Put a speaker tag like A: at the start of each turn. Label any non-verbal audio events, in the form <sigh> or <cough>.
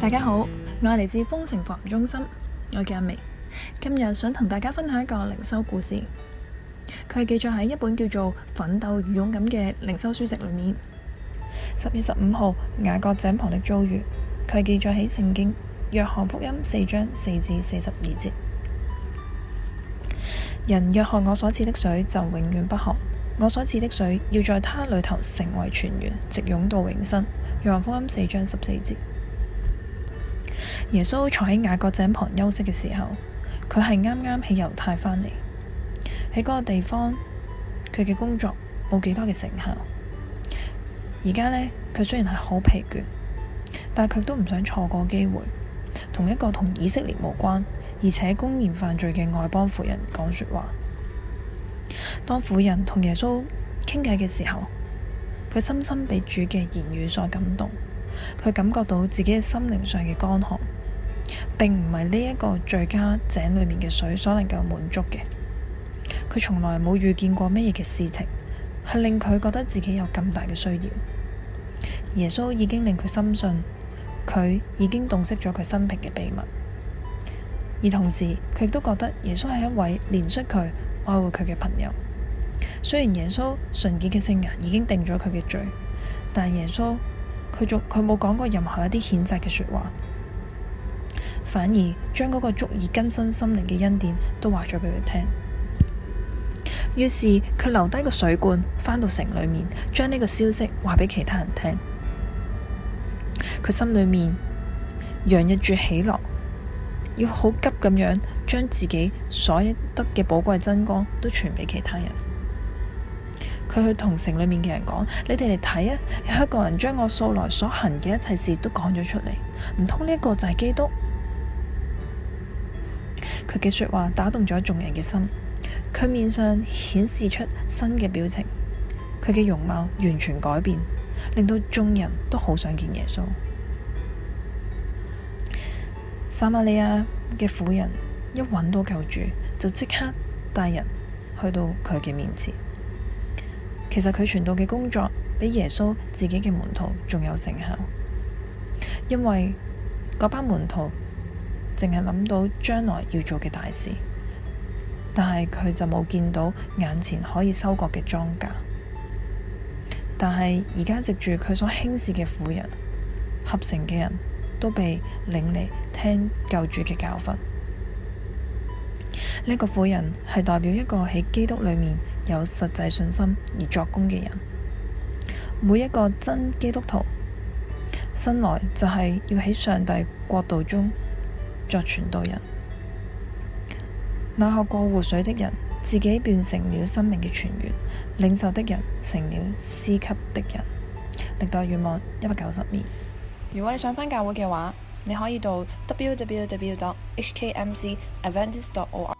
A: 大家好，我係嚟自豐城服務中心，我叫阿明，今日想同大家分享一個靈修故事，佢係記載喺一本叫做《奮鬥與勇敢》嘅靈修書籍裏面。十月十五號雅各井旁的遭遇，佢記載喺聖經約翰福音四章四至四十二節。人約翰我所賜的水就永遠不渴，我所賜的水要在他裏頭成為泉源，直湧到永生。約翰福音四章十四節。耶穌坐喺雅各井旁休息嘅時候，佢係啱啱喺猶太返嚟，喺嗰個地方佢嘅工作冇幾多嘅成效。而家呢，佢雖然係好疲倦，但佢都唔想錯過機會，同一個同以色列無關而且公然犯罪嘅外邦婦人講說話。當婦人同耶穌傾偈嘅時候，佢深深被主嘅言語所感動，佢感覺到自己嘅心靈上嘅乾涸。並唔係呢一個最佳井裏面嘅水所能夠滿足嘅。佢從來冇遇見過乜嘢嘅事情，係令佢覺得自己有咁大嘅需要。耶穌已經令佢深信，佢已經洞悉咗佢生平嘅秘密。而同時，佢亦都覺得耶穌係一位憐恤佢、愛護佢嘅朋友。雖然耶穌純潔嘅聖人已經定咗佢嘅罪，但耶穌佢仲佢冇講過任何一啲譴責嘅說話。反而將嗰個足以更新心靈嘅恩典都話咗俾佢聽。於是佢留低個水罐，返到城裏面，將呢個消息話俾其他人聽。佢心裏面洋溢住喜樂，要好急咁樣將自己所得嘅寶貴真光都傳俾其他人。佢去同城裏面嘅人講： <laughs> 你哋嚟睇啊，有一個人將我素來所行嘅一切事都講咗出嚟，唔通呢一個就係基督？佢嘅說話打動咗眾人嘅心，佢面上顯示出新嘅表情，佢嘅容貌完全改變，令到眾人都好想見耶穌。撒瑪利亞嘅婦人一揾到救主，就即刻帶人去到佢嘅面前。其實佢傳道嘅工作比耶穌自己嘅門徒仲有成效，因為嗰班門徒，淨係諗到將來要做嘅大事，但係佢就冇見到眼前可以收割嘅莊稼。但係而家藉住佢所輕視嘅婦人，合城嘅人都被領嚟聽救主嘅教訓。呢、這、一個婦人係代表一個喺基督裏面有實際信心而作功嘅人。每一個真基督徒生來就係要喺上帝國度中，作傳道人，那學過活水的人，自己變成了生命嘅泉源；領受的人，成了施給的人。歷代願望一百九十年。如果你想返教會嘅話，你可以到 www.hkmc.adventist.org。